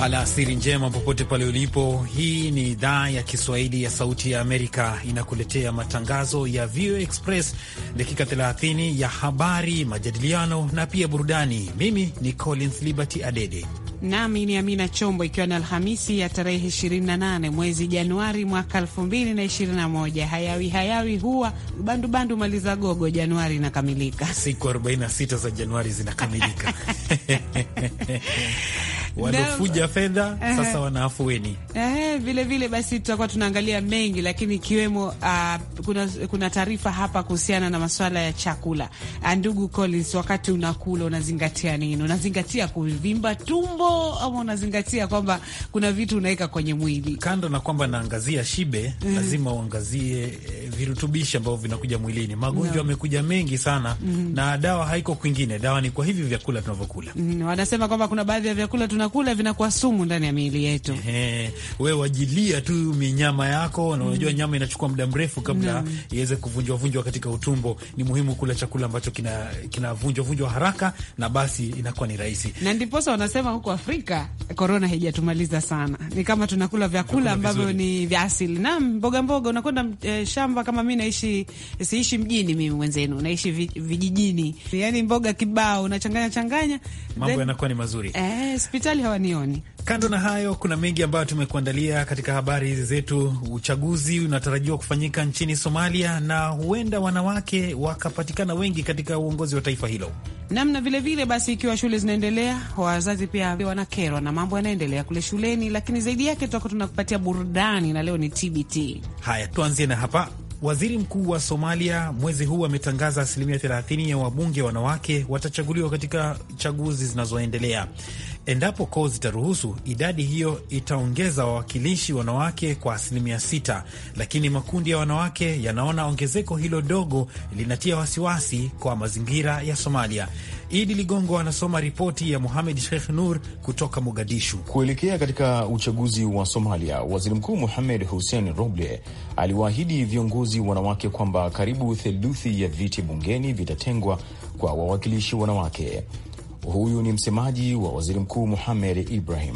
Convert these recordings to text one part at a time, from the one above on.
Alasiri njema popote pale ulipo. Hii ni idhaa ya Kiswahili ya Sauti ya Amerika inakuletea matangazo ya VOA Express, dakika 30 ya habari, majadiliano na pia burudani. Mimi ni Collins Liberty Adede nami ni Amina Chombo, ikiwa ni Alhamisi ya tarehe 28 mwezi Januari mwaka 2021. Hayawi hayawi huwa bandubandu bandu maliza gogo, Januari inakamilika, siku 46 za Januari zinakamilika waliofuja fedha uh -huh. Sasa wana afueni uh -huh. Vile vile basi tutakuwa tunaangalia mengi, lakini ikiwemo uh, kuna, kuna taarifa hapa kuhusiana na maswala ya chakula. Ah, ndugu Collins, wakati unakula unazingatia nini? Unazingatia kuvimba tumbo ama unazingatia kwamba kuna vitu unaweka kwenye mwili? Kando na kwamba naangazia shibe, lazima uangazie eh, virutubishi ambavyo vinakuja mwilini. Magonjwa yamekuja no. mengi sana mm -hmm. na dawa haiko kwingine, dawa ni kwa hivi vyakula tunavyokula mm wanasema kwamba kuna baadhi ya vyakula tunakula vinakuwa sumu ndani ya miili yetu. we wajilia tu minyama yako na mm-hmm. unajua mm -hmm. nyama inachukua muda mrefu kabla no. iweze kuvunjwa vunjwa katika utumbo. Ni muhimu kula chakula ambacho kina kinavunjwa vunjwa haraka, na basi inakuwa ni rahisi, na ndiposa wanasema huko Afrika korona haijatumaliza sana, ni kama tunakula vyakula ambavyo ni vya asili na mboga mboga, unakwenda eh, shamba kama mi naishi, siishi mjini mimi mwenzenu, naishi vijijini, yani mboga kibao, nachanganya changanya, mambo yanakuwa ni mazuri. Eh, hospitali hawanioni Kando na hayo, kuna mengi ambayo tumekuandalia katika habari hizi zetu. Uchaguzi unatarajiwa kufanyika nchini Somalia na huenda wanawake wakapatikana wengi katika uongozi wa taifa hilo namna vilevile. basi, ikiwa shule zinaendelea, wazazi pia wanakerwa na mambo yanaendelea kule shuleni, lakini zaidi yake tutakuwa tunakupatia burudani na leo ni TBT. Haya, tuanzie na hapa. Waziri mkuu wa Somalia mwezi huu ametangaza asilimia 30 ya wabunge wanawake watachaguliwa katika chaguzi zinazoendelea. Endapo ko zitaruhusu, idadi hiyo itaongeza wawakilishi wanawake kwa asilimia sita, lakini makundi ya wanawake yanaona ongezeko hilo dogo linatia wasiwasi kwa mazingira ya Somalia. Idi Ligongo anasoma ripoti ya muhamed Sheikh Nur kutoka Mogadishu. Kuelekea katika uchaguzi wa Somalia, waziri mkuu muhamed Hussein Roble aliwaahidi viongozi wanawake kwamba karibu theluthi ya viti bungeni vitatengwa kwa wawakilishi wanawake. Huyu ni msemaji wa waziri mkuu muhamed Ibrahim.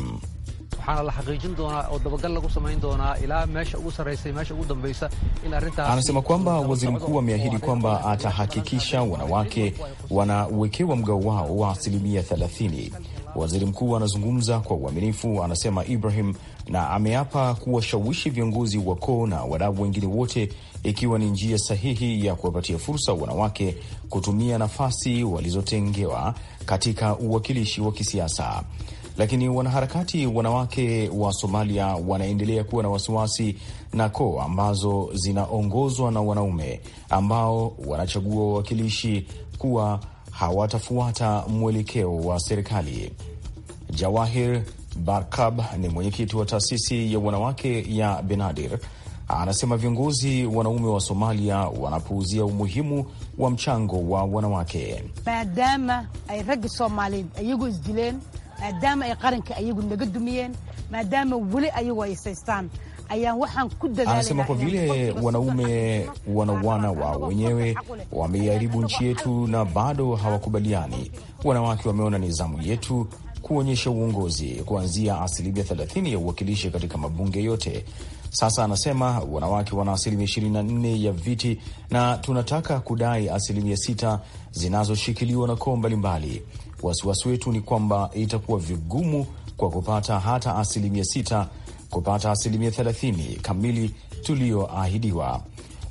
Anasema kwamba waziri mkuu ameahidi kwamba atahakikisha wanawake wanawekewa mgao wao wa asilimia 30. Waziri mkuu anazungumza kwa uaminifu, anasema Ibrahim, na ameapa kuwashawishi viongozi wa koo na wadau wengine wote, ikiwa ni njia sahihi ya kuwapatia fursa wanawake kutumia nafasi walizotengewa katika uwakilishi wa kisiasa. Lakini wanaharakati wanawake wa Somalia wanaendelea kuwa na wasiwasi na koo ambazo zinaongozwa na wanaume ambao wanachagua wawakilishi kuwa hawatafuata mwelekeo wa serikali. Jawahir Barkab ni mwenyekiti wa taasisi ya wanawake ya Benadir, anasema viongozi wanaume wa Somalia wanapuuzia umuhimu wa mchango wa wanawake maadama ay ragga soomaaliyeed ayagu isdileen maadaama ay qaranka ayagu naga dumiyeen maadaama weli ayagoo aysaystaan Anasema kwa vile wanaume wanauana wao wenyewe, wameiharibu nchi yetu na bado hawakubaliani. Wanawake wameona ni zamu yetu kuonyesha uongozi, kuanzia asilimia 30 ya uwakilishi katika mabunge yote sasa anasema wanawake wana asilimia ishirini na nne ya viti na tunataka kudai asilimia sita zinazoshikiliwa na koo mbalimbali. Wasiwasi wetu ni kwamba itakuwa vigumu kwa kupata hata asilimia sita kupata asilimia thelathini kamili tuliyoahidiwa.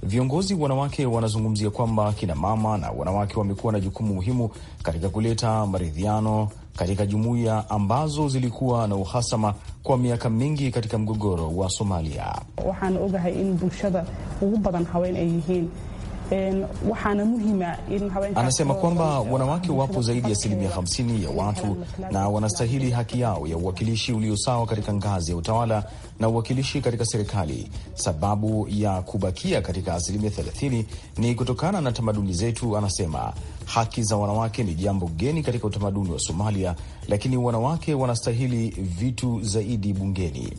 Viongozi wanawake wanazungumzia kwamba kinamama na wanawake wamekuwa na jukumu muhimu katika kuleta maridhiano katika jumuiya ambazo zilikuwa na uhasama kwa miaka mingi katika mgogoro wa Somalia. Waxaan ogahay in bulshada ugu badan haween ay yihiin Anasema kwamba wanawake wapo zaidi ya asilimia 50 ya watu na wanastahili haki yao ya uwakilishi ulio sawa katika ngazi ya utawala na uwakilishi katika serikali. Sababu ya kubakia katika asilimia 30 ni kutokana na tamaduni zetu. Anasema haki za wanawake ni jambo geni katika utamaduni wa Somalia, lakini wanawake wanastahili vitu zaidi bungeni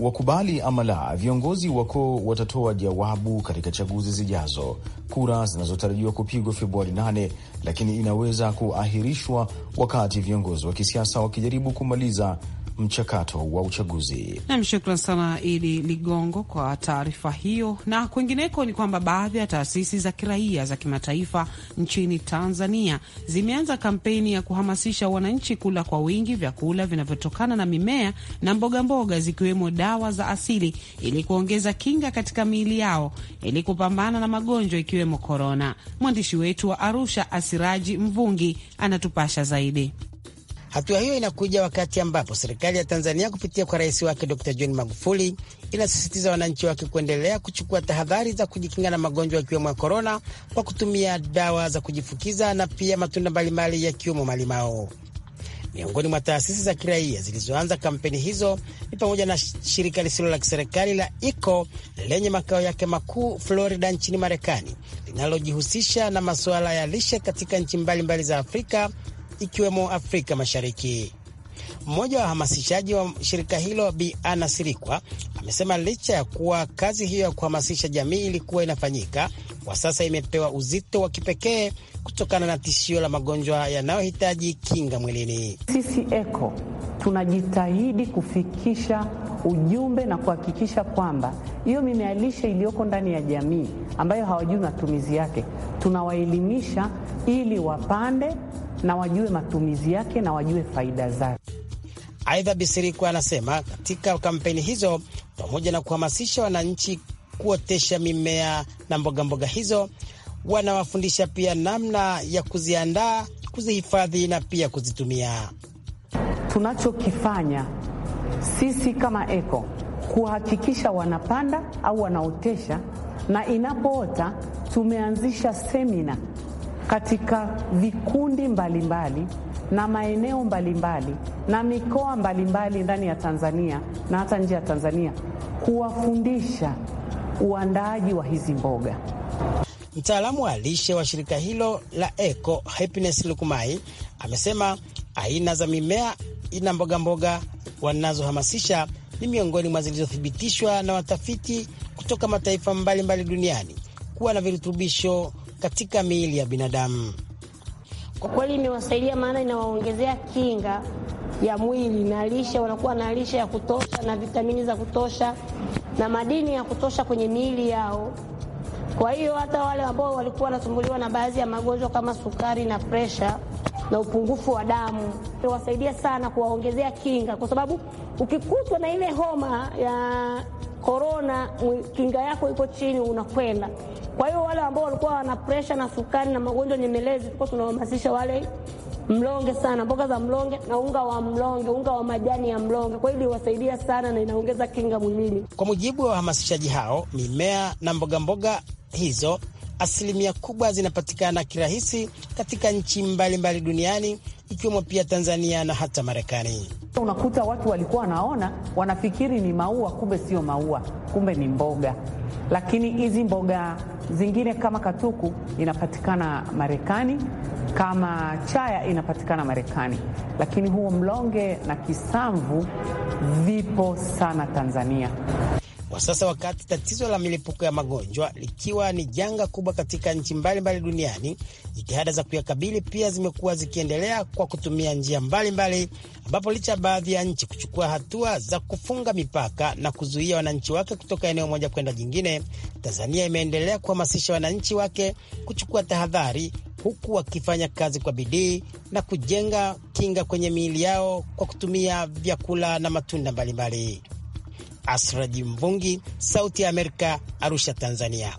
wakubali ama la, viongozi wako watatoa jawabu katika chaguzi zijazo, kura zinazotarajiwa kupigwa Februari 8, lakini inaweza kuahirishwa wakati viongozi wa kisiasa wakijaribu kumaliza mchakato wa uchaguzi. Nam, shukran sana Idi Ligongo kwa taarifa hiyo. Na kwingineko ni kwamba baadhi ya taasisi za kiraia za kimataifa nchini Tanzania zimeanza kampeni ya kuhamasisha wananchi kula kwa wingi vyakula vinavyotokana na mimea na mbogamboga mboga, zikiwemo dawa za asili ili kuongeza kinga katika miili yao ili kupambana na magonjwa ikiwemo korona. Mwandishi wetu wa Arusha Asiraji Mvungi anatupasha zaidi. Hatua hiyo inakuja wakati ambapo serikali ya Tanzania kupitia kwa rais wake Dr John Magufuli inasisitiza wananchi wake kuendelea kuchukua tahadhari za kujikinga na magonjwa yakiwemo ya korona kwa kutumia dawa za kujifukiza na pia matunda mbalimbali yakiwemo malimao. Miongoni mwa taasisi za kiraia zilizoanza kampeni hizo ni pamoja na shirika lisilo la kiserikali la ICO lenye makao yake makuu Florida nchini Marekani, linalojihusisha na masuala ya lishe katika nchi mbalimbali za Afrika ikiwemo Afrika Mashariki. Mmoja wa wahamasishaji wa shirika hilo Bi Ana Sirikwa amesema licha ya kuwa kazi hiyo ya kuhamasisha jamii ilikuwa inafanyika, kwa sasa imepewa uzito wa kipekee kutokana na tishio la magonjwa yanayohitaji kinga mwilini. Sisi ECO tunajitahidi kufikisha ujumbe na kuhakikisha kwamba hiyo mimea lishe iliyoko ndani ya jamii ambayo hawajui matumizi yake, tunawaelimisha ili wapande na wajue matumizi yake na wajue faida zake. Aidha, Bisirikwa anasema katika kampeni hizo, pamoja na kuhamasisha wananchi kuotesha mimea na mbogamboga mboga hizo, wanawafundisha pia namna ya kuziandaa, kuzihifadhi na pia kuzitumia. Tunachokifanya sisi kama eko kuhakikisha wanapanda au wanaotesha, na inapoota tumeanzisha semina katika vikundi mbalimbali mbali, na maeneo mbalimbali mbali, na mikoa mbalimbali ndani ya Tanzania na hata nje ya Tanzania kuwafundisha uandaaji wa hizi mboga. Mtaalamu wa lishe wa shirika hilo la Eco Happiness Lukumai amesema aina za mimea ina mbogamboga wanazohamasisha ni miongoni mwa zilizothibitishwa na watafiti kutoka mataifa mbalimbali mbali duniani kuwa na virutubisho katika miili ya binadamu. Kwa kweli imewasaidia, maana inawaongezea kinga ya mwili na lishe, wanakuwa na lishe ya kutosha na vitamini za kutosha na madini ya kutosha kwenye miili yao. Kwa hiyo hata wale ambao walikuwa wanasumbuliwa na baadhi ya magonjwa kama sukari na presha na upungufu wa damu, wasaidia sana kuwaongezea kinga, kwa sababu ukikutwa na ile homa ya korona, kinga yako iko chini, unakwenda. Kwa hiyo wale ambao walikuwa wana presha na sukari na magonjwa nyemelezi, tuko tunawahamasisha wale mlonge sana, mboga za mlonge na unga wa mlonge, unga wa majani ya mlonge. Kwa hiyo iliwasaidia sana na inaongeza kinga mwilini. Kwa mujibu wa wahamasishaji hao, mimea na mbogamboga mboga hizo asilimia kubwa zinapatikana kirahisi katika nchi mbalimbali mbali duniani ikiwemo pia Tanzania na hata Marekani. Unakuta watu walikuwa wanaona wanafikiri ni maua, kumbe sio maua, kumbe ni mboga. Lakini hizi mboga zingine kama katuku inapatikana Marekani, kama chaya inapatikana Marekani, lakini huo mlonge na kisamvu vipo sana Tanzania kwa sasa, wakati tatizo la milipuko ya magonjwa likiwa ni janga kubwa katika nchi mbalimbali duniani, jitihada za kuyakabili pia zimekuwa zikiendelea kwa kutumia njia mbalimbali, ambapo licha ya baadhi ya nchi kuchukua hatua za kufunga mipaka na kuzuia wananchi wake kutoka eneo moja kwenda jingine, Tanzania imeendelea kuhamasisha wananchi wake kuchukua tahadhari huku wakifanya kazi kwa bidii na kujenga kinga kwenye miili yao kwa kutumia vyakula na matunda mbalimbali mbali. Asraji Mvungi, Sauti ya Amerika, Arusha, Tanzania.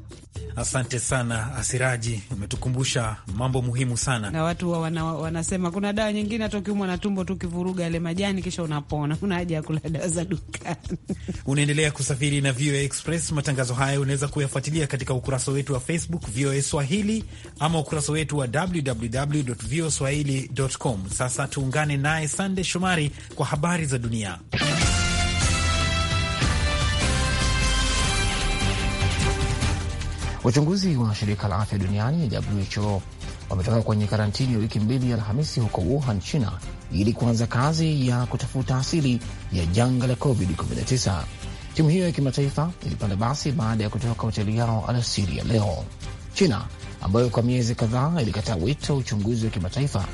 Asante sana Asiraji, umetukumbusha mambo muhimu sana. Na watu wa wana, wanasema kuna dawa nyingine hata ukiumwa na tumbo tu ukivuruga yale majani kisha unapona, kuna haja ya kula dawa za dukani. Unaendelea kusafiri na VOA Express. Matangazo haya unaweza kuyafuatilia katika ukurasa wetu wa Facebook VOA Swahili ama ukurasa wetu wa www voaswahili com. Sasa tuungane naye Sande Shomari kwa habari za dunia. Wachunguzi wa shirika la afya duniani WHO wametoka kwenye karantini ya wiki mbili Alhamisi huko Wuhan, China, ili kuanza kazi ya kutafuta asili ya janga la COVID-19. Timu hiyo ya kimataifa ilipanda basi baada ya kutoka hoteli yao alasiri ya leo. China ambayo kwa miezi kadhaa ilikataa wito wa uchunguzi wa kimataifa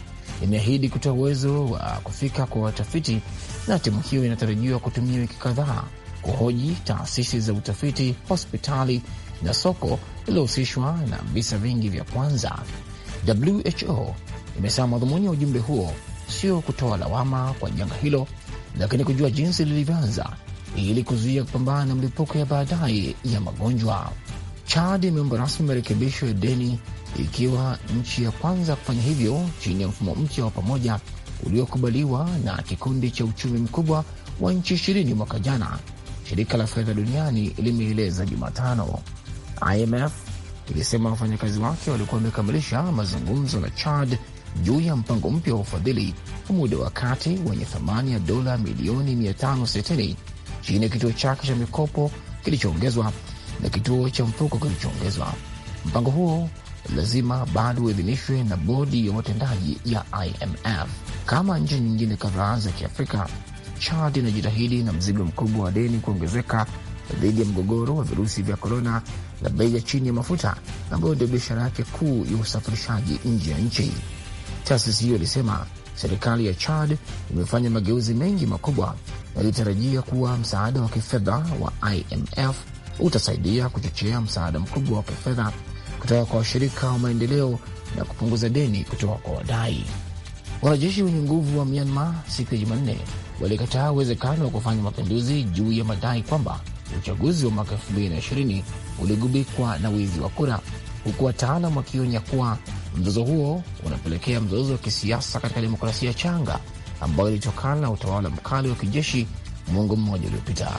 imeahidi kutoa uwezo wa kufika kwa watafiti, na timu hiyo inatarajiwa kutumia wiki kadhaa kuhoji taasisi za utafiti, hospitali na soko lililohusishwa na visa vingi vya kwanza. WHO imesema madhumuni ya ujumbe huo sio kutoa lawama kwa janga hilo, lakini kujua jinsi lilivyoanza ili kuzuia kupambana na mlipuko ya baadaye ya magonjwa. Chad imeomba rasmi marekebisho ya deni ikiwa nchi ya kwanza kufanya hivyo chini ya mfumo mpya wa pamoja uliokubaliwa na kikundi cha uchumi mkubwa wa nchi ishirini mwaka jana, shirika la fedha duniani limeeleza Jumatano. IMF ilisema wafanyakazi wake walikuwa wamekamilisha mazungumzo na Chad juu ya mpango mpya wa ufadhili wa muda wa kati wenye thamani ya dola milioni 560 chini ya kituo chake cha mikopo kilichoongezwa na kituo cha mfuko kilichoongezwa. Mpango huo lazima bado uidhinishwe na bodi ya watendaji ya IMF. Kama nchi nyingine kadhaa za Kiafrika, Chad inajitahidi na mzigo mkubwa wa deni kuongezeka dhidi ya mgogoro wa virusi vya korona na bei ya chini ya mafuta ambayo ndio biashara yake kuu ya usafirishaji nje ya nchi. Taasisi hiyo ilisema serikali ya Chad imefanya mageuzi mengi makubwa na ilitarajia kuwa msaada wa kifedha wa IMF utasaidia kuchochea msaada mkubwa wa kifedha kutoka kwa washirika wa maendeleo na kupunguza deni kutoka kwa wadai. Wanajeshi wenye nguvu wa Myanmar siku ya Jumanne walikataa uwezekano wa kufanya mapinduzi juu ya madai kwamba uchaguzi wa mwaka 2020 uligubikwa na wizi wa kura, huku wataalam wakionya kuwa mzozo huo unapelekea mzozo wa kisiasa katika demokrasia changa ambayo ilitokana na utawala mkali wa kijeshi mwongo mmoja uliopita.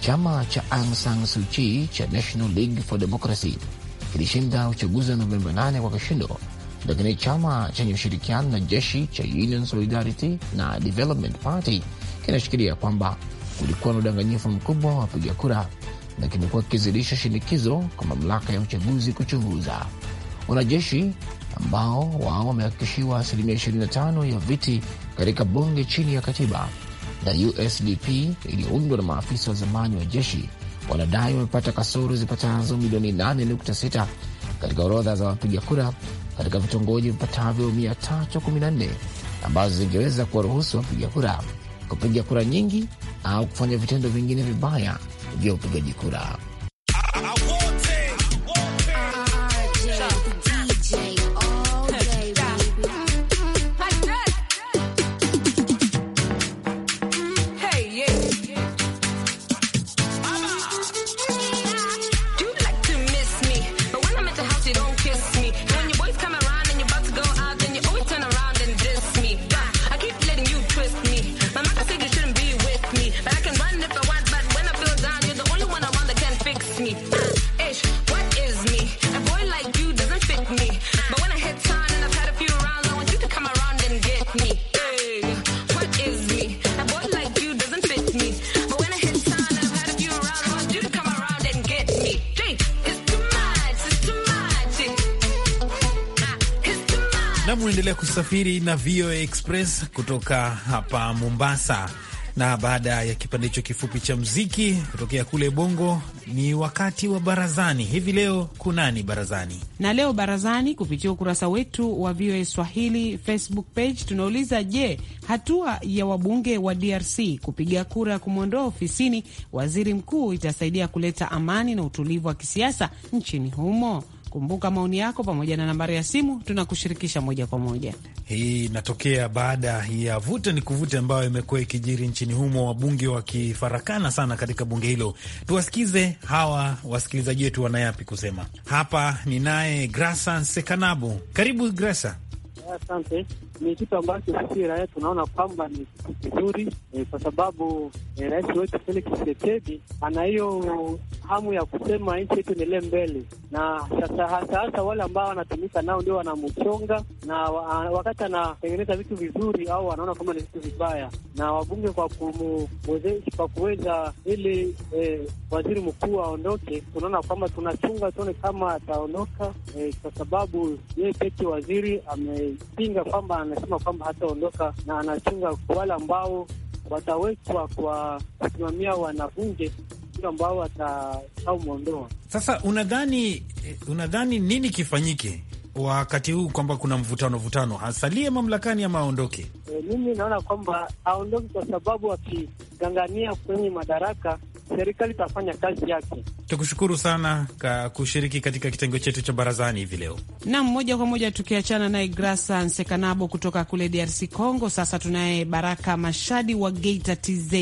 Chama cha Aung San Suu Kyi cha National League for Democracy kilishinda uchaguzi wa Novemba 8 kwa kishindo, lakini chama chenye ushirikiano na jeshi cha Union Solidarity na Development Party kinashikilia kwamba kulikuwa na udanganyifu mkubwa wa wapiga kura na kimekuwa kikizidisha shinikizo kwa mamlaka ya uchaguzi kuchunguza. Wanajeshi ambao wao wamehakikishiwa asilimia 25 ya viti katika bunge chini ya katiba na USDP iliyoundwa na maafisa wa zamani wa jeshi wanadai wamepata kasoro zipatazo milioni 8.6 katika orodha za wapiga kura katika vitongoji vipatavyo 314 ambazo zingeweza kuwaruhusu wapiga kura kupiga kura nyingi au kufanya vitendo vingine vibaya vya upigaji kura. unasafiri na VOA Express kutoka hapa Mombasa, na baada ya kipande hicho kifupi cha mziki kutokea kule Bongo, ni wakati wa barazani hivi leo. Kunani barazani? Na leo barazani, kupitia ukurasa wetu wa VOA Swahili Facebook page, tunauliza je, hatua ya wabunge wa DRC kupiga kura ya kumwondoa ofisini waziri mkuu itasaidia kuleta amani na utulivu wa kisiasa nchini humo? Kumbuka maoni yako pamoja na nambari ya simu, tunakushirikisha moja kwa moja. Hii inatokea baada ya vuta ni kuvute ambayo imekuwa ikijiri nchini humo, wabunge wakifarakana sana katika bunge hilo. Tuwasikize hawa wasikilizaji wetu wanayapi kusema. Hapa ni naye Grasa sekanabu karibu Grasa. Asante ni kitu ambacho sisi raia tunaona kwamba ni kitu kizuri, eh, kwa sababu eh, rais wetu Felix Tshisekedi ana hiyo hamu ya kusema nchi yetu endelee mbele, na sasa hasa hasa wale ambao wanatumika nao ndio wanamchonga, na wakati anatengeneza vitu vizuri au wanaona kwamba ni vitu vibaya, na wabunge kwa kwa kuweza ili eh, waziri mkuu aondoke, tunaona kwamba tunachunga tuone kama ataondoka, eh, kwa sababu yeye peke waziri amepinga kwamba amesema kwamba hataondoka na anachunga wale ambao watawekwa kwa kusimamia wanabunge ambao wataamwondoa. Sasa unadhani unadhani nini kifanyike wakati huu kwamba kuna mvutano vutano, hasalie mamlakani ama aondoke? E, mimi naona kwamba aondoke kwa sababu akigangania kwenye madaraka serikali itafanya kazi yake. Tukushukuru sana kwa kushiriki katika kitengo chetu cha barazani hivi leo. Naam, moja kwa moja tukiachana naye Grasa Nsekanabo kutoka kule DRC Congo, sasa tunaye Baraka Mashadi wa Geita TZ.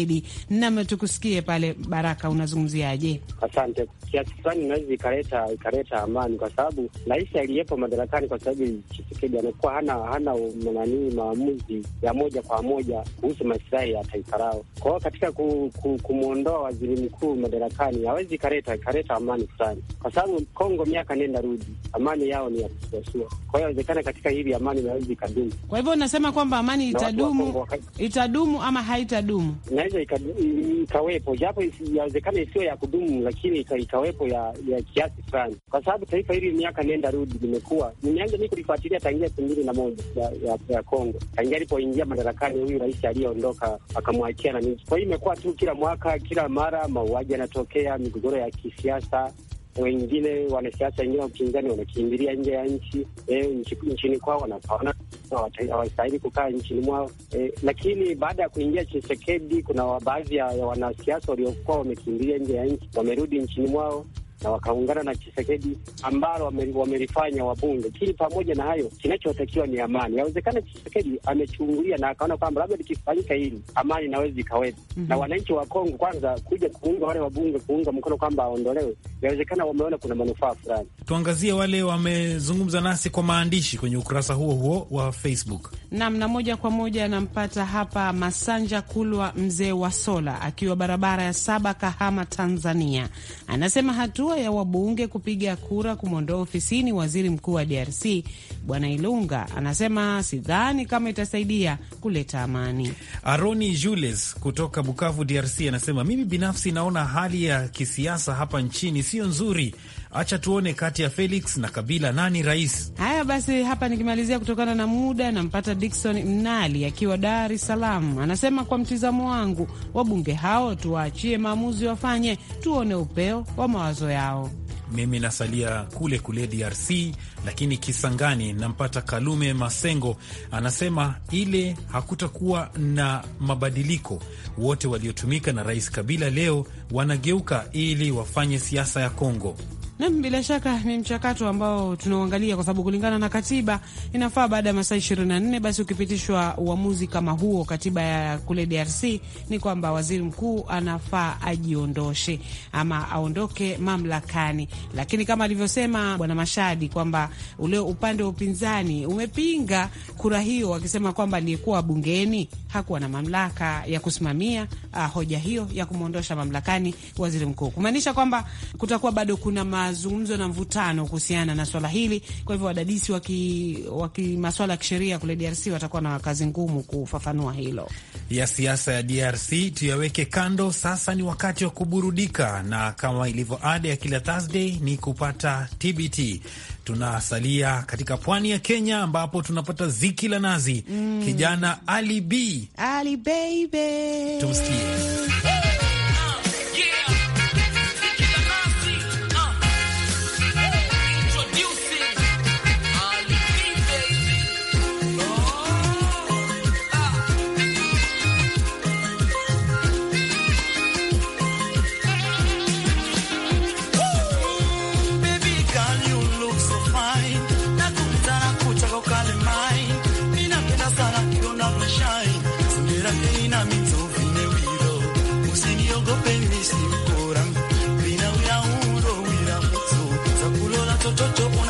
Nam, tukusikie pale Baraka, unazungumziaje? Asante. Kiasi fulani inaweza ikaleta ikaleta amani, kwa sababu rais aliyepo madarakani kwa sababu Chisekedi amekuwa hana hana nanii maamuzi ya moja kwa moja kuhusu masilahi ya taifa lao. Kwa hiyo katika kumwondoa waziri waziri mkuu madarakani hawezi kareta kareta amani fulani, kwa sababu Kongo miaka nenda rudi, amani yao ni ya kusuasua. Kwa hiyo awezekana katika hili amani inaweza ikadumu. Kwa hivyo unasema kwamba amani itadumu, itadumu ama haitadumu? Inaweza ikawepo, japo yawezekana isio ya kudumu, lakini ikawepo ya, ya kiasi fulani, kwa sababu taifa hili miaka nenda rudi limekuwa nimeanza mi kulifuatilia tangia elfu mbili na moja ya, ya, ya Kongo tangia alipoingia madarakani huyu rais aliyeondoka akamwachia na nini. Kwa hiyo imekuwa tu kila mwaka kila mara mauaji yanatokea, migogoro ya kisiasa wengine wanasiasa wengine wa upinzani wanakimbilia nje ya nchi e, nchini kwao wanapaona hawastahili kukaa nchini mwao e. Lakini baada ya kuingia Chisekedi, kuna baadhi ya wanasiasa waliokuwa wamekimbilia nje ya nchi wamerudi nchini mwao na wakaungana na Chisekedi ambalo wamelifanya wabunge. Lakini pamoja na hayo, kinachotakiwa ni amani. Yawezekana Chisekedi amechungulia na akaona kwamba labda likifanyika hili amani inaweza ikaweza mm -hmm. na wananchi wa Kongo kwanza kuja kuunga wale wabunge kuunga mkono kwamba aondolewe, yawezekana wameona kuna manufaa fulani. Tuangazie wale wamezungumza nasi kwa maandishi kwenye ukurasa huo huo wa Facebook nam na moja kwa moja anampata hapa Masanja Kulwa, mzee wa Sola, akiwa barabara ya saba, Kahama, Tanzania, anasema hatua hatua ya wabunge kupiga kura kumwondoa ofisini waziri mkuu wa DRC Bwana Ilunga, anasema sidhani kama itasaidia kuleta amani. Aroni Jules kutoka Bukavu, DRC, anasema mimi binafsi naona hali ya kisiasa hapa nchini siyo nzuri Acha tuone kati ya Felix na Kabila nani rais. Haya basi, hapa nikimalizia kutokana na muda, nampata dikson Mnali akiwa Dar es Salaam, anasema kwa mtizamo wangu, wabunge hao tuwaachie maamuzi wafanye, tuone upeo wa mawazo yao. Mimi nasalia kule kule DRC lakini Kisangani nampata Kalume Masengo, anasema ile hakutakuwa na mabadiliko. Wote waliotumika na Rais Kabila leo wanageuka ili wafanye siasa ya Kongo. Nam, bila shaka ni mchakato ambao tunauangalia kwa sababu kulingana na katiba inafaa baada ya masaa ishirini na nne basi ukipitishwa uamuzi kama huo, katiba ya kule DRC ni kwamba waziri mkuu anafaa ajiondoshe ama aondoke mamlakani. Lakini kama alivyosema Bwana Mashadi kwamba ule upande wa upinzani umepinga kura hiyo, wakisema kwamba aliyekuwa bungeni hakuwa na mamlaka ya kusimamia ah, hoja hiyo ya kumwondosha mamlakani waziri mkuu, kumaanisha kwamba kutakuwa bado kuna ma mazungumzo na mvutano kuhusiana na swala hili. Kwa hivyo wadadisi wa waki maswala ya kisheria kule DRC watakuwa na kazi ngumu kufafanua hilo. ya siasa ya DRC tuyaweke kando, sasa ni wakati wa kuburudika, na kama ilivyo ada ya kila Thursday ni kupata TBT. Tunasalia katika pwani ya Kenya ambapo tunapata ziki la nazi mm. Kijana Ali B, Ali baby, tumsikie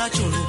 muchachos.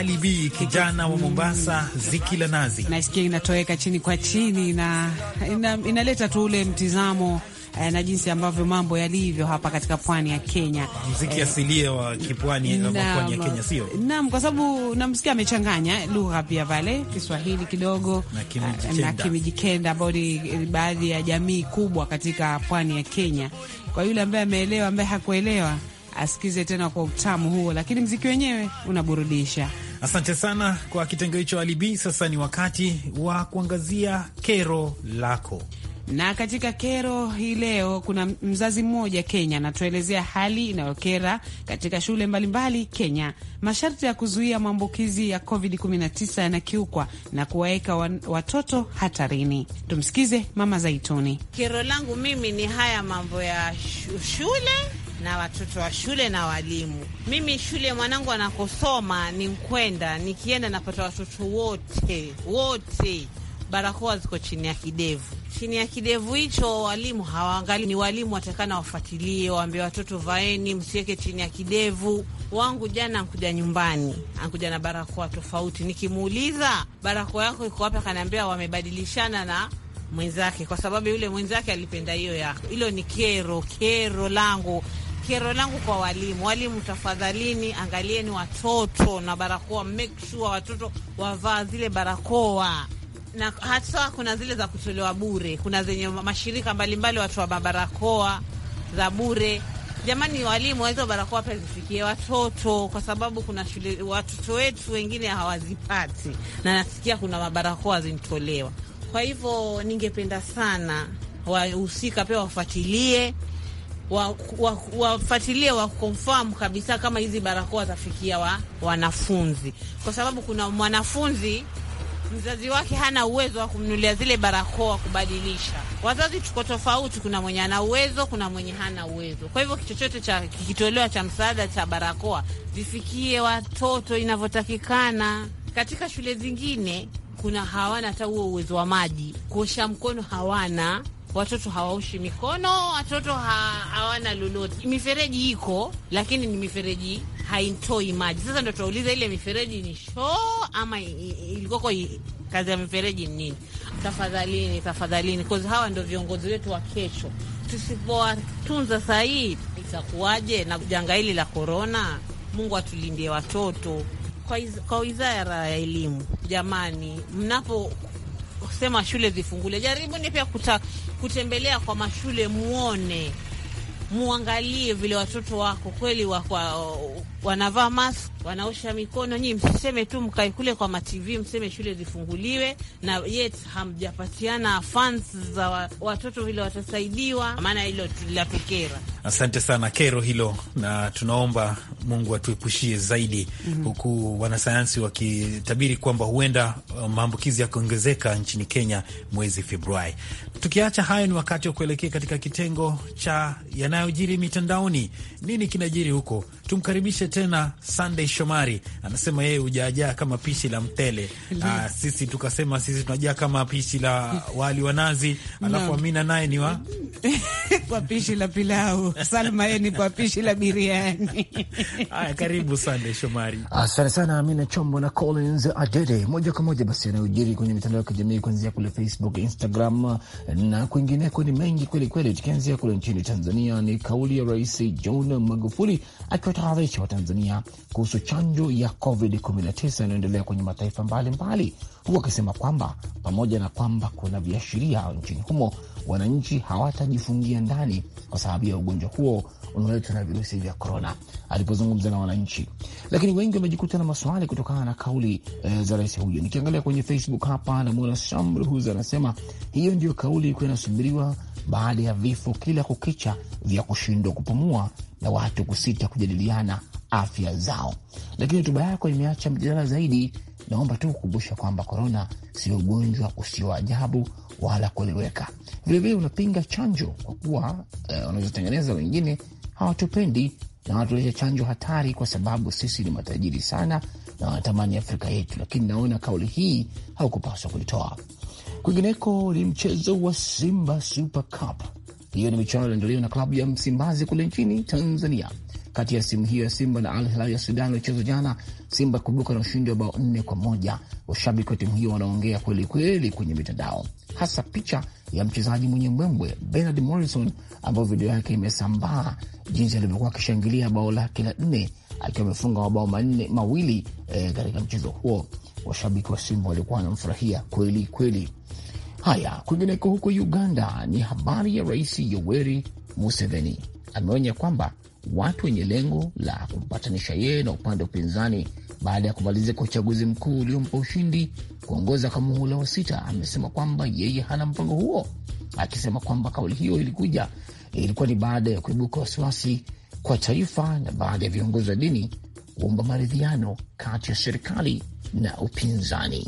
Ali B kijana wa Mombasa, ziki la nazi, nasikia inatoweka chini kwa chini na ina, inaleta tu ule mtizamo eh, na jinsi ambavyo mambo yalivyo hapa katika pwani ya Kenya, mziki eh, asilia wa kipwani eh, pwani ya Kenya, sio naam, kwa sababu namsikia amechanganya lugha pia pale Kiswahili kidogo na Kimijikenda ambayo ni baadhi ya jamii kubwa katika pwani ya Kenya. Kwa yule ambaye ameelewa, ambaye hakuelewa asikize tena kwa utamu huo, lakini mziki wenyewe unaburudisha. Asante sana kwa kitengo hicho Alibi. Sasa ni wakati wa kuangazia kero lako na katika kero hii leo kuna mzazi mmoja Kenya anatuelezea hali inayokera katika shule mbalimbali Kenya. Masharti ya kuzuia maambukizi ya COVID-19 yanakiukwa na kuwaweka watoto hatarini. Tumsikize Mama Zaituni. Kero langu mimi ni haya mambo ya shule na watoto wa shule na walimu. Mimi shule mwanangu anakosoma ni Nkwenda, nikienda napata watoto wote wote barakoa ziko chini ya kidevu. Chini ya kidevu hicho, walimu hawaangali. Ni walimu watakana wafuatilie, waambie watoto vaeni, msiweke chini ya kidevu. Wangu jana ankuja nyumbani, ankuja na barakoa tofauti. Nikimuuliza barakoa yako iko wapi, akaniambia wamebadilishana na mwenzake, kwa sababu yule mwenzake alipenda hiyo yako. Hilo ni kero, kero langu Kero langu kwa walimu, walimu tafadhalini, angalieni watoto na barakoa, make sure watoto wavaa zile barakoa na hata kuna zile za kutolewa bure, kuna zenye mashirika mbalimbali watu wa mabarakoa za bure. Jamani walimu, hizo barakoa pia zifikie watoto, kwa sababu kuna shule watoto wetu wengine hawazipati, na nasikia kuna mabarakoa zinatolewa. Kwa hivyo ningependa sana wahusika pia wafuatilie wafuatilie wa, wa wakonfamu kabisa kama hizi barakoa zafikia wa, wanafunzi, kwa sababu kuna mwanafunzi mzazi wake hana uwezo wa kumnulia zile barakoa kubadilisha. Wazazi tuko tofauti, kuna mwenye ana uwezo, kuna mwenye hana uwezo. Kwa hivyo kichochote cha kikitolewa cha msaada cha barakoa zifikie watoto inavyotakikana. Katika shule zingine kuna hawana hata huo uwezo wa maji, kuosha mkono hawana watoto hawaoshi mikono, watoto hawana lolote. Mifereji iko, lakini ni mifereji haitoi maji. Sasa ndo tuauliza, ile mifereji ni shoo ama ilikoko? Kazi ya mifereji ni nini? Tafadhalini, tafadhalini, kwa hawa ndo viongozi wetu wa kesho. Tusipowatunza saa hii itakuwaje? Na janga hili la korona, Mungu atulindie watoto. Kwa wizara ya elimu, jamani, mnapo kusema shule zifungule. Jaribuni pia kuta, kutembelea kwa mashule muone muangalie vile watoto wako kweli wako wanavaa mask, wanaosha mikono. Nyi msiseme tu mkae kule kwa matv, mseme shule zifunguliwe na yet hamjapatiana funds za watoto vile watasaidiwa, maana hilo latukera. Asante sana kero hilo, na tunaomba Mungu atuepushie zaidi mm -hmm. Huku wanasayansi wakitabiri kwamba huenda uh, maambukizi yakiongezeka nchini Kenya mwezi Februari. Tukiacha hayo, ni wakati wa kuelekea katika kitengo cha yanayojiri mitandaoni. Nini kinajiri huko? Tumkaribishe tena Sunday Shomari anasema yeye hujajaa kama pishi la mtele. Aa, ah, sisi tukasema sisi tunajaa kama pishi la wali wa nazi, alafu Amina naye ni wa kwa pishi la pilau, Salma yeye ni kwa pishi la biriani. Haya, karibu Sunday Shomari. Asante sana Amina Chombo na Collins Adede. Moja kwa moja basi yanayojiri kwenye mitandao ya kijamii kuanzia kule Facebook, Instagram eh, na kwingineko ni mengi kweli kweli, tukianzia kule nchini Tanzania ni kauli ya Rais John Magufuli akiwatahadharisha Tanzania kuhusu chanjo ya COVID-19 inayoendelea kwenye mataifa mbalimbali, huku akisema kwamba pamoja na kwamba kuna viashiria nchini humo, wananchi hawatajifungia ndani kwa sababu ya ugonjwa huo unaoletwa na virusi vya korona, alipozungumza na wananchi. Lakini wengi wamejikuta na maswali kutokana na kauli e, za rais huyo. Nikiangalia kwenye Facebook hapa, namwona Huz anasema hiyo ndiyo kauli ilikuwa inasubiriwa baada ya vifo kila kukicha vya kushindwa kupumua na watu kusita kujadiliana afya zao. Lakini hotuba yako imeacha mjadala zaidi. Naomba tu kukumbusha kwamba korona sio ugonjwa usio ajabu wala kueleweka. Vilevile unapinga chanjo kwa kuwa eh, wanazotengeneza wengine hawatupendi na wanatuleta chanjo hatari, kwa sababu sisi ni matajiri sana na wanatamani Afrika yetu. Lakini naona kauli hii haukupaswa kulitoa. Kwingineko ni mchezo wa Simba Super Cup hiyo ni michuano iliyoandaliwa na klabu ya Msimbazi kule nchini Tanzania, kati ya simu hiyo ya Simba na Al Hilal ya Sudan ilichezwa jana. Simba kubuka na ushindi wa bao nne kwa moja. Washabiki wa timu hiyo wanaongea kweli kweli kwenye mitandao, hasa picha ya mchezaji mwenye mbwembwe Bernard Morrison ambayo video yake imesambaa jinsi alivyokuwa akishangilia bao lake la nne akiwa amefunga mabao manne mawili eh, katika e, mchezo huo. Washabiki wa Simba walikuwa wanamfurahia kweli kweli. Haya, kwingineko huko Uganda ni habari ya Rais Yoweri Museveni ameonya kwamba watu wenye lengo la kumpatanisha yeye na upande wa upinzani baada ya kumalizika kwa uchaguzi mkuu uliompa ushindi kuongoza kwa muhula wa sita, amesema kwamba yeye hana mpango huo, akisema kwamba kauli hiyo ilikuja ilikuwa ni baada ya kuibuka wasiwasi kwa taifa na baada ya viongozi wa dini kuomba maridhiano kati ya serikali na upinzani.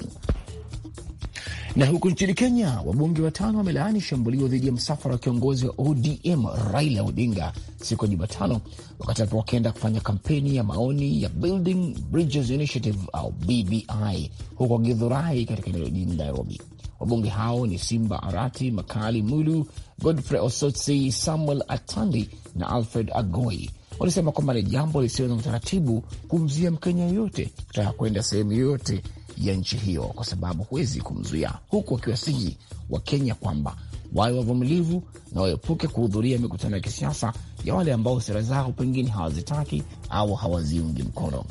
Na huku nchini Kenya, wabunge watano wamelaani shambulio dhidi ya msafara wa kiongozi wa ODM Raila Odinga siku ya Jumatano, wakati alipo wakienda kufanya kampeni ya maoni ya Building Bridges Initiative au BBI huko Githurai katika eneo jijini Nairobi. Wabunge hao ni Simba Arati, Makali Mulu, Godfrey Osotsi, Samuel Atandi na Alfred Agoi walisema kwamba ni jambo lisilo na utaratibu kumzia Mkenya yoyote kutaka kwenda sehemu yoyote ya nchi hiyo, kwa sababu huwezi kumzuia, huku wakiwasihi wa Kenya kwamba wawe wavumilivu na waepuke kuhudhuria mikutano ya kisiasa ya wale ambao sera zao pengine hawazitaki au hawaziungi mkono.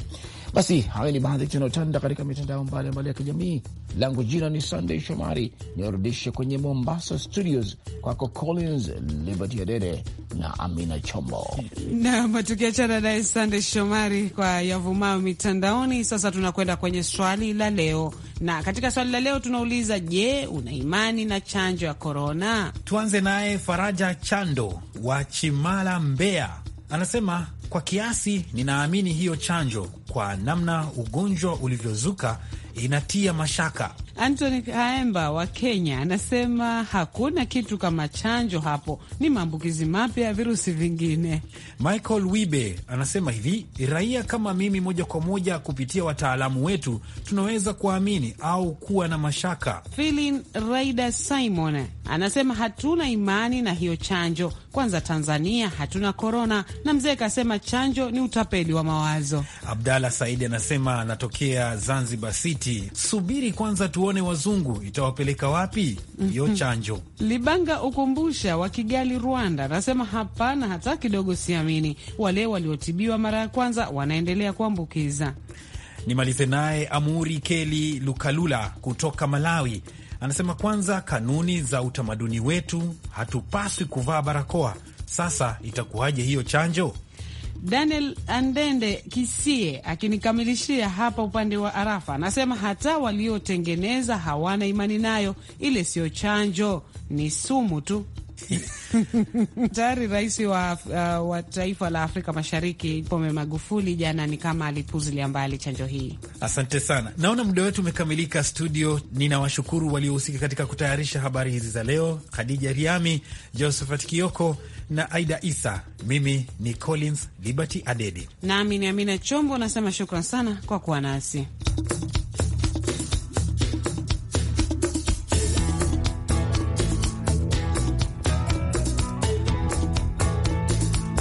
Basi hayo ni baadhi tunayotanda katika mitandao mbalimbali ya kijamii. Langu jina ni sandey Shomari, niwarudishe kwenye Mombasa studios kwako Collins Liberty Adede na Amina Chombo. Nam, tukiachana naye sandey Shomari kwa yavumao mitandaoni, sasa tunakwenda kwenye swali la leo, na katika swali la leo tunauliza, je, una imani na chanjo ya korona? Tuanze naye Faraja Chando wa Chimala, Mbeya, anasema kwa kiasi ninaamini hiyo chanjo, kwa namna ugonjwa ulivyozuka, inatia mashaka Anthony Kaemba wa Kenya anasema hakuna kitu kama chanjo, hapo ni maambukizi mapya ya virusi vingine. Michael Wibe anasema hivi, raia kama mimi, moja kwa moja kupitia wataalamu wetu tunaweza kuamini au kuwa na mashaka. Filin Raida Simon anasema hatuna imani na hiyo chanjo, kwanza Tanzania hatuna korona, na mzee kasema chanjo ni utapeli wa mawazo. Abdalah Saidi anasema anatokea Zanzibar City, subiri kwanza tu tuone wazungu itawapeleka wapi hiyo mhm. chanjo. Libanga ukumbusha wa Kigali, Rwanda, anasema hapana, hata kidogo siamini. Wale waliotibiwa mara ya kwanza wanaendelea kuambukiza. Nimalize naye Amuri Keli Lukalula kutoka Malawi, anasema kwanza, kanuni za utamaduni wetu hatupaswi kuvaa barakoa. Sasa itakuwaje hiyo chanjo? Daniel Andende Kisie akinikamilishia hapa upande wa Arafa, anasema hata waliotengeneza hawana imani nayo, ile siyo chanjo, ni sumu tu. Tayari rais wa, uh, wa taifa la Afrika Mashariki Pombe Magufuli jana ni kama alipuzilia mbali chanjo hii. Asante sana, naona muda wetu umekamilika. Studio ninawashukuru waliohusika katika kutayarisha habari hizi za leo, Khadija Riami, Josephat Kioko na Aida Isa. Mimi ni Collins Liberty adedi nami ni Amina Chombo, nasema shukran sana kwa kuwa nasi.